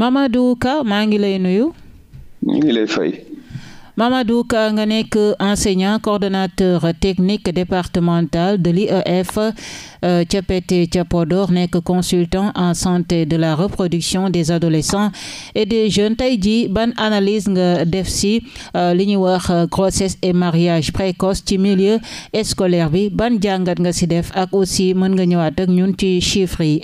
Mamadou Ka maa ngi lay nuyu. nga nekk enseignant coordonateur technique départemental de l'IEF euh, ca Pété ca Podor nekk consultant en santé de la reproduction des adolescents et des jeunes tey jii ban analyse nga def si euh, li ñuy wax euh, grossesse mariage précoce ci milieu scolaire bi ban jàngat nga si def ak aussi mën nga ñëwaat ak ñun ci chiffres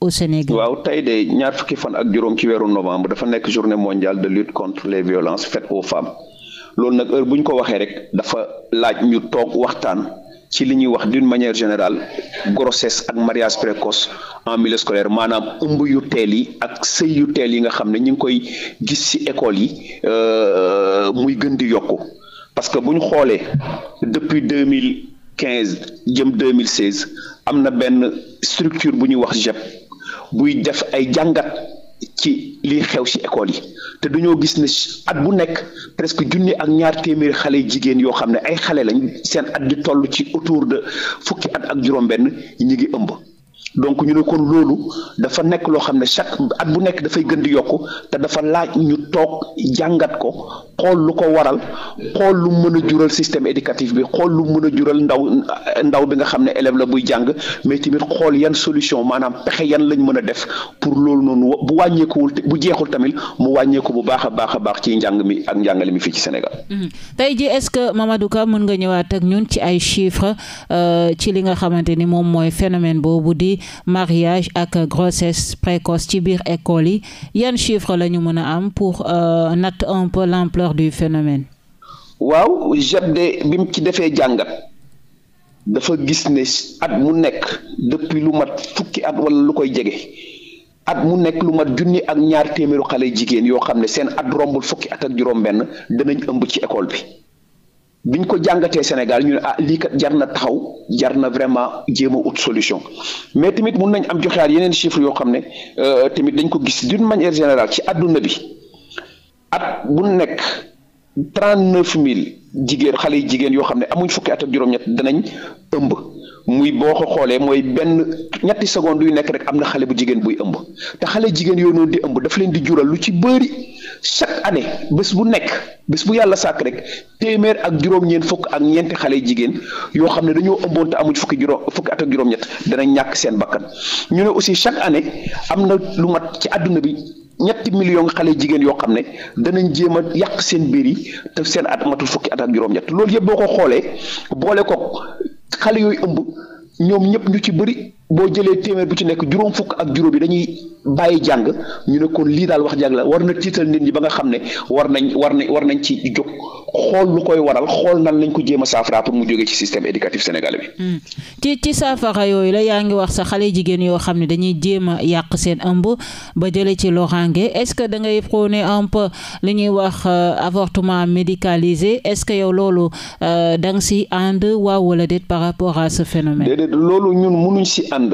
au Sénégal. waaw tey de ñaar fukki fan ak juróom ci weeru novembre dafa nekk journée mondiale de lutte contre les violences faites aux femmes loolu nag heure bu ko waxee rek dafa laaj ñu toog waxtaan ci li ñuy wax d'une manière générale grossesse ak mariage précoce en milieu scolaire maanaam ëmb yu teel yi ak sëy yu teel yi nga xam ne ñu ngi koy gis ci école yi euh, muy gën di yokku parce que bu ñu xoolee depuis deux mille quinze jëm deux mille seize am na benn structure bu ñuy wax JEP. buy def ay jàngat ci liy xew ci école yi te dañoo gis ne at bu nekk presque junni ak ñaar téeméeri xale jigéen yoo xam ne ay xale lañ seen at di toll ci autour de fukki at ak juróom-benn ñi ngi ëmb. donc ñu ne kon loolu dafa nekk loo xam ne chaque at bu nekk dafay gën di yokku te dafa laaj ñu toog jàngat ko xool lu ko waral xool lu mën a jural système éducatif bi xool lu mën a jural ndaw ndaw bi nga xam ne élève la buy jàng mais tamit xool yan solution maanaam pexe yan lañ mën a def pour loolu noonu bu wàññeekuwul bu jeexul tamit mu wàññeeku bu baax a baax a baax ci njàng mi ak njàngale mi fii ci Sénégal. tey ji est-ce que Mamadou Ka mën nga ñëwaat ak ñun ci ay euh, ci mariage ak grossesse précoce ci biir école yi yan chiffre lañu mën a am pour euh, natt un peu l'ampleur du phénomène waaw jabde bi mu ci defee jàngat dafa gis ne at mu nekk depuis lu mat fukki at wala lu koy jege at mu nekk lu mat junni ak ñaar téeméeru xale jigéen yoo xam ne seen at rombul fukki at ak juróom benn danañ ëmb ci école bi biñ ko jàngatee Sénégal ñu ne ah lii kat jar na taxaw jar na vraiment jéem a ut solution mais tamit mun nañ am joxeaat yeneen chiffres yoo xam ne euh, tamit dañ ko gis d'une manière générale ci àdduna bi at bu nekk trente neuf mille jigéen xale yu jigéen yoo xam ne amuñ fukki at ak juróom-ñett danañ ëmb muy boo ko xoolee mooy benn ñetti seconde yu nekk rek am na xale bu jigéen buy ëmb te xale jigéen yooyu noonu di ëmb dafa leen di jural lu ci bëri. chaque année bés bu nekk bés bu yàlla sàkk rek téeméer ak juróom-ñeent fukk ak ñeenti xale jigéen yoo xam ne dañoo ëmboon te fukki juróom fukki at ak danañ ñàkk seen bakkan ñu ne aussi chaque année am na lu mat ci àdduna bi ñetti million xale jigéen yoo xam ne danañ jéem a yàq seen biir yi te seen at matul fukki at ak juróom-ñett loolu yëpp boo ko xoolee boole ko xale yooyu ëmb ñoom ñëpp ñu ci bëri. boo jëlee téeméer bu ci nekk juróom fukk ak juróom yi dañuy bàyyi jàng ñu ne kon lii daal wax jàng la war na tiital nit ñi ba nga xam ne war nañ war nañ war nañ ci jóg xool lu koy waral xool nan lañ ko jéem a saafara pour mu jógee ci système éducatif sénégalais bi. Hmm. ci ci saafara yooyu la yaa ngi wax sa xale jigéen yoo xam ne dañuy jéem a yàq seen ëmb ba jëlee ci loraange est-ce que da ngay prôné un li ñuy wax euh, avortement médicalisé est-ce que yow loolu euh, da nga si ànd waaw wala déet par rapport à ce phénomène. loolu ñun mënuñ si ànd.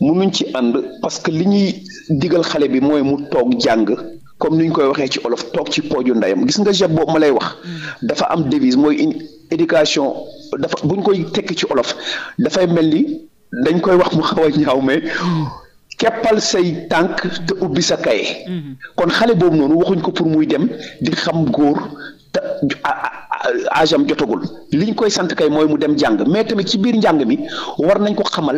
mënuñ ci ànd parce que li ñuy digal xale bi mooy mu toog jàng. comme ni ñu koy waxee ci olof toog ci pooju ndeyam gis nga jab boobu ma lay wax dafa am devise mooy une éducation dafa buñ koy tekki ci olof dafay mel ni dañ koy wax mu xaw a ñaaw mais keppal say tànk te ubbi sa kaye mm-hmm. kon xale boobu noonu waxuñ ko pour muy dem di xam góor te âge am jotagul li ñu koy sant kay mooy mu dem jàng mais tamit ci biir njàng mi war nañ ko xamal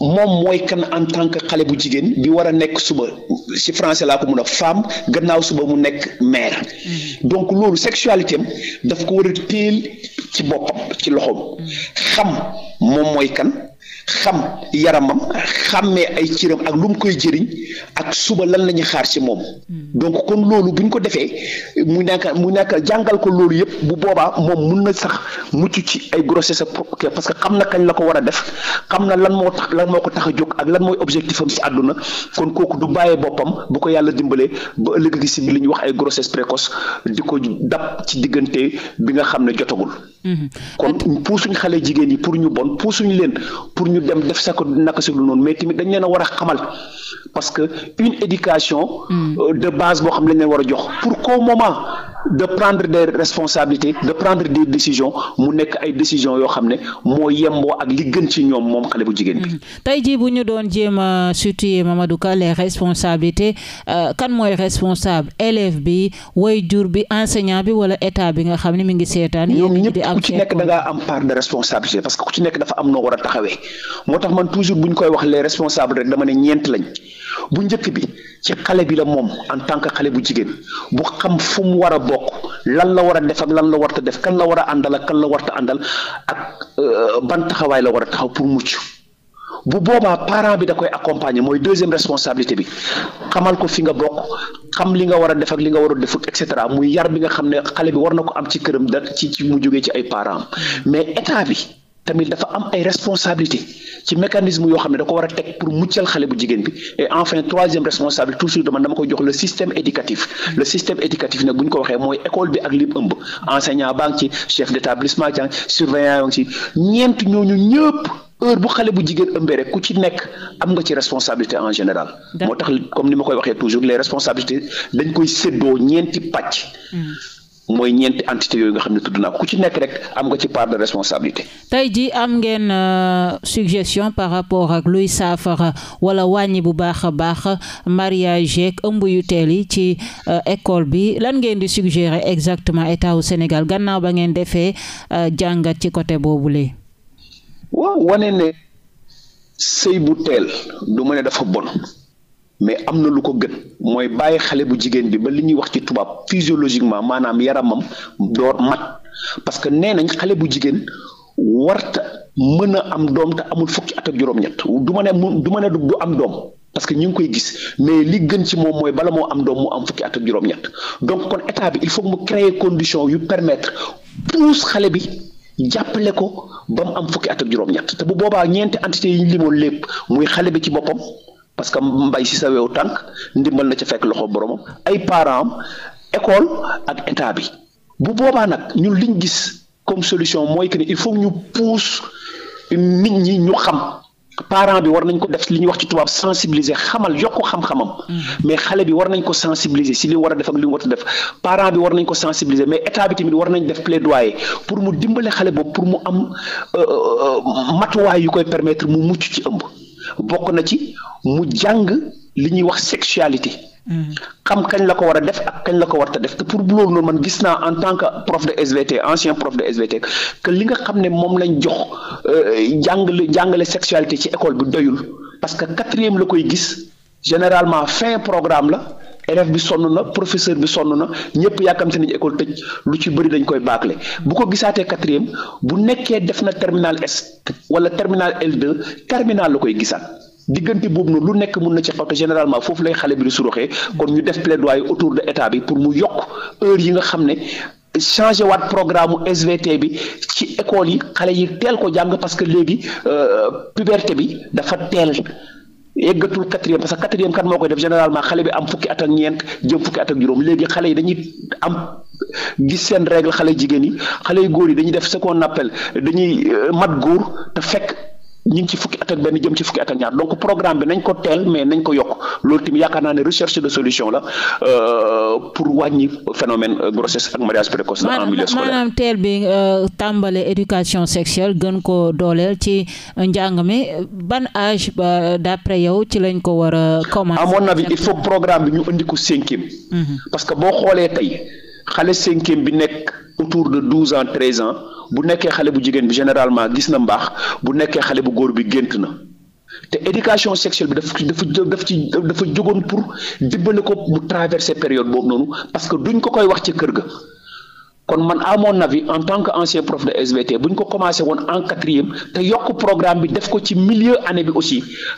moom mooy kan en tant que xale bu jigéen bi war a nekk suba si français laa ko mun a femme gannaaw suba mu nekk mère mm-hmm. donc loolu sexualité am daf ko war a téel ci boppam ci loxoom mm-hmm. xam moom mooy kan. xam yaramam xàmmee ay ciram ak lu mu koy jëriñ ak suba lan la ñuy xaar ci moom hmm. donc kon loolu bu ñu ko defee mu nekk mu nekk jàngal ko loolu yëpp bu boobaa moom mun na sax mucc ci ay grossesse parce que xam na kañ la ko war a def xam na lan moo tax lan moo ko tax a jóg ak lan mooy objectif am ci àdduna kon kooku du bàyyee boppam bu ko yàlla dimbalee ba ëllëg gi si li ñuy wax ay grossesse précoce di ko dab ci diggante bi nga xam ne jotagul hmm. ñu dem def sa naka si lu noonu mais tamit dañ leen a war a xamal parce que une éducation. Mm. Euh, de base boo xam ne war a jox pour qu'au moment. de prendre des responsabilités de prendre de décision mu nekk ay décisions yoo xam ne moo yemboo ak li gën ci ñoom moom xale bu jigéen bi. Mm-hmm. tey jii bu ñu doon jéem a situer Mamadou Ka les responsabilités euh, kan mooy responsable élève bi waajur bi enseignant bi wala état bi nga xam ni mu ngi seetaan. ñoom ñëpp ku ci nekk da ngaa am part de responsabilité parce que ku ci nekk dafa am noo war a taxawee moo tax man toujours bu ñu koy wax les responsables dama ne ñeent lañ bu njëkk bi. ci xale bi la moom en tant que xale bu jigéen bu xam fu mu war a bokk lan la war a def ak lan la warta def kan la war a àndal ak kan la warta àndal ak euh, ban taxawaay la war a taxaw pour mucc bu boobaa parent bi da koy accompagner mooy deuxième responsabilité bi xamal ko fi nga bokk xam li nga war a def ak li nga war a defut et cetera muy yar bi nga xam ne xale bi war na ko am ci këram da ci ci mu jógee ci ay parent mais état bi. tamit dafa am ay responsabilité ci mécanisme yoo xam ne da ko war a teg pour muccal xale bu jigéen bi et enfin troisième responsabilité toujours dama dama koy jox le système éducatif le système éducatif nag bu ñu ko waxee mooy école bi ak lim ëmb enseignant baa ngi ci chef d'établissement ci surveillant ci ñeent ñooñu ñëpp heure bu xale bu jigéen ëmbee rek ku ci nekk am nga ci responsabilité en général moo tax comme ni ma koy waxee toujours les responsabilités dañ koy séddoo ñeenti pàcc mm. mooy ñeenti entité yooyu nga xam ne tudd naa ku ci nekk rek am nga ci part de responsabilité. tey jii am ngeen euh, suggestion par rapport ak luy saafara wala wàññi bu baax a baax mariage yeeg ëmb yu teel yi ci euh, école bi lan ngeen di suggérer exactement état wu Sénégal gannaaw ba ngeen defee euh, jàngat ci côté boobu lee. waaw wane ne sëy bu teel du ne dafa bon. mais am na lu ko gën mooy bàyyi xale bu jigéen bi ba li ñuy wax ci tubaab physiologiquement maanaam yaramam door mat parce que nee nañ xale bu jigéen warta mën a am doom te amul fukki at ak juróom-ñett du ma ne mu du ma ne am doom parce que ñu ngi koy gis mais li gën ci moom mooy bala moo am doom mu am fukki at ak donc kon état bi il faut mu créer condition yu permettre pousse xale bi jàppale ko ba am fukki at ak juróom-ñett te bu boobaa ñeenti entité yi ñu limoon lépp muy xale bi ci boppam. parce que mbay si sa weew tànk ndimbal na ci fekk loxo boromam ay parents école ak état bi bu boobaa nag ñun liñ gis comme solution mooy que ni il faut ñu pousse nit ñi ñu xam parent bi war nañ ko def li ñuy wax ci tubaab sensibiliser xamal yokk xam-xamam. Mm-hmm. mais xale bi war nañ ko sensibiliser si li war a def ak li mu a def parent bi war nañ ko sensibiliser mais état bi tamit war nañ def plaidoyer pour mu dimbale xale boobu pour mu am euh, euh, euh, matuwaay yu koy permettre mu mucc ci ëmb. bokk na ci mu jàng li ñuy wax sexualité. Hmm. xam mm. kañ la ko war a def ak kañ la ko war a def te pour bu loolu man gis naa en tant que prof de SVT ancien prof de SVT que li nga xam ne moom lañ jox euh, jàngale jàngale sexualité ci école bi doyul parce que quatrième la koy gis généralement fin programme la élève bi sonn na professeur bi sonn na ñëpp yàkkamte nañu école tëj lu ci bëri dañ koy bâclé bu ko gisaatee quatrième bu nekkee def na terminal S wala terminal L2 terminal la koy gisaat diggante boobu noonu lu nekk mun na ci xaw te généralement foofu lay xale bi di suroxee kon ñu def plaidoyer autour de état bi pour mu yokk heure yi nga xam ne changé waat programme SVT bi ci école yi xale yi teel ko jàng parce que léegi euh, puberté bi dafa teel yeggatul quatrième parce que quatrième kan moo koy def généralement xale bi am fukki at ak ñeent jëm fukki at ak juróom léegi xale yi dañuy am gis seen règle xale jigéen yi xale yu góor yi dañuy def ce qu'on appelle dañuy euh, mat góor te fekk. ñu ngi ci fukki at ak benn jëm ci fukki at ñaar donc programme bi nañ ko teel mais nañ ko yokk loolu tamit yaakaar naa ne recherche de solution la euh, pour wàññi phénomène euh, grossesse ak mariage précoce en milieu scolaire maanaam teel bi euh, tàmbale éducation sexuelle gën ko dooleel ci njàng mi ban âge ba d'après yow ci lañ ko war a commencer à mon avis il faut programme bi ñu indi ko cinquième mhm. parce que boo xoolee tey xale cinquième bi nekk autour de douze ans treize ans bu nekkee xale bu jigéen bi généralement gis na mbaax bu nekkee xale bu góor bi gént na te éducation sexuelle bi dafa dafa daf ci dafa jógoon pour dibbale ko mu traverser période boobu noonu parce que duñ ko koy wax ci kër ga kon man à mon avis en tant que ancien prof de SVT bu ñu ko commencé woon en quatrième te yokk programme bi def ko ci milieu année bi aussi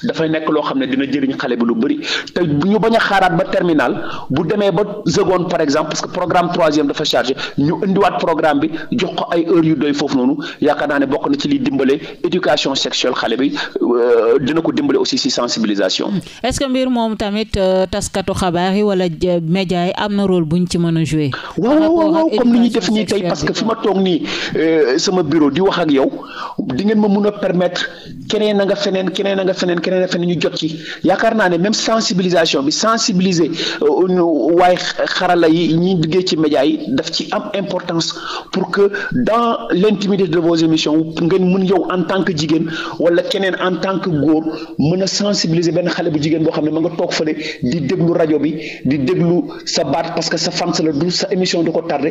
dafay nekk loo xam ne dina jëriñ xale bi lu bëri te ñu bañ a xaaraat ba terminal bu demee ba seconde par exemple parce que programme troisième dafa chargé ñu indiwaat programme bi jox ko ay heures yu doy foofu noonu yaakaar naa ne bokk na ci liy dimbale éducation sexuelle xale bi euh, dina ko dimbale aussi si sensibilisation. est-ce que mbir moom tamit euh, taskatu xabaar yi wala euh, média yi am na rôle bu ñu ci mën a jouer. def nii tey parce que fi ma toog nii euh, sama bureau di wax ak yow di ngeen ma mun a permettre keneen na nga feneen keneen a nga feneen keneen na ñu jot ci yaakaar naa ne même sensibilisation bi sensibiliser euh, waaye xarala yi ñi liggéey ci média yi daf ci am importance pour que dans l'intimité de vos émissions ngeen mën yow en tant que jigéen wala keneen en tant que góor mën a sensibiliser benn xale bu jigéen boo xam ne ma nga toog fële di déglu rajo bi di déglu sa baat parce que sa fans la sa émission du ko tardé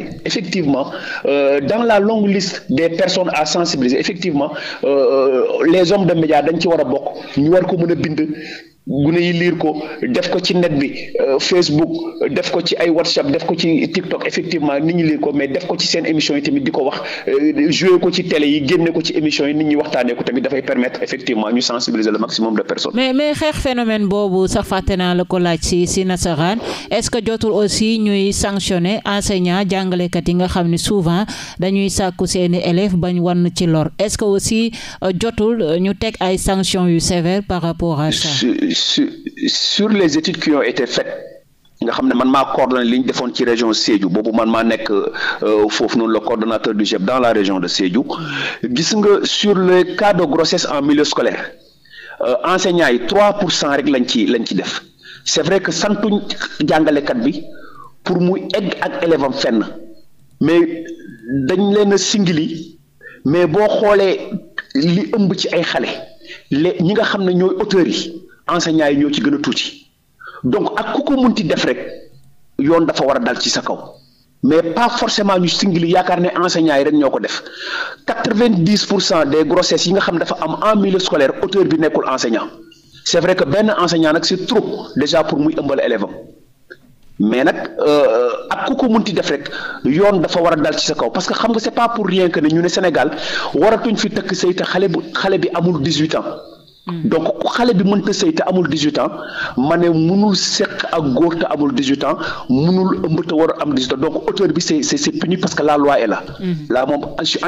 effectivement, euh, dans la longue liste des personnes à sensibiliser, effectivement, euh, euh, les hommes de médias dañ ci war a bokk ñu war ko mën a bind gune yi liir ko def ko ci net bi euh, Facebook def ko ci ay WhatsApp def ko ci TikTok effectivement nit ñi liir ko mais def ko ci seen émission yi tamit di ko wax euh, jouer ko ci télé yi génne ko ci émission yi nit ñi waxtaanee ko tamit dafay permettre effectivement ñu sensibiliser le maximum de personnes. mais mais xeex phénomène boobu sa fàtte naa la ko laaj si si nasaraan est-ce que jotul aussi ñuy sanctionner enseignants jàngalekat yi nga xam ne souvent dañuy sàkku seeni élèves bañ wann ci lor est-ce que aussi euh, jotul ñu teg ay sanctions yu sévères par rapport à ça. sur sur les études qui ont été faites. nga xam ne man maa coordonné li ñu defoon ci région Sédhiou boobu man maa nekk euh, foofu noonu le coordonnateur du GEP dans la région de Sédhiou gis nga sur le cas de grossesse en milieu scolaire euh, enseignants yi trois pour cent rek lañ ci lañ ci def c'est vrai que santuñ jàngalekat bi pour mu egg ak élève am fenn mais dañ leen singili mais boo xoolee li ëmb ci ay xale les ñi nga xam ne ñooy auteurs yi. enseignants yi ñoo ci gën a tuuti donc ak ku ko ti def rek yoon dafa war a dal ci sa kaw mais pas forcément ñu singili yaakaar ne enseignants yi rek ñoo ko def quatre-vingt-dix pour cent des grossesses yi nga xam dafa am en milieu scolaire auteur bi nekkul enseignant c'est vrai que benn enseignant nag c'est trop déjà pour muy ëmbal élève am mais nag euh, ak ku ko ti def rek yoon dafa war a dal ci sa kaw parce que xam nga c'est pas pour rien que ne ñu ne Sénégal waratuñ fi takk sayta xale bu xale bi amul dix-huit Mm. donc xale bi mënta sëy te amul 18 ans ma ne munul seq ak góor te amul 18 ans munul ëmb te war a am 18 donc auteur bi c'est c'est puni parce que la loi est là. Mm-hmm. là moom je suis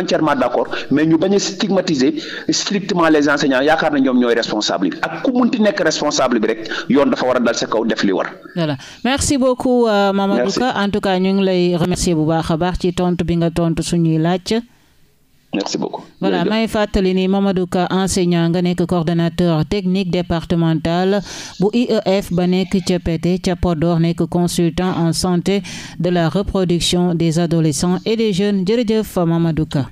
d'accord mais ñu bañ a strictement les enseignants yaakaar na ñoom ñooy responsable bi ak ku mënti nekk responsable bi rek yoon dafa war a dal sa kaw def li war. merci beaucoup euh, Mamadou Ka en ñu ngi lay remercier bu baax a baax ci tontu bi nga tontu suñuy laaj. merci beaucoup voilà may fàttali ni Mamadou Ka nga nekk coordonnateur technique départemental bu IEF ba nekk ca Pété ca Podor nekk consultant en santé de la reproduction des adolescents et des jeunes jërëjëf Mamadou Ka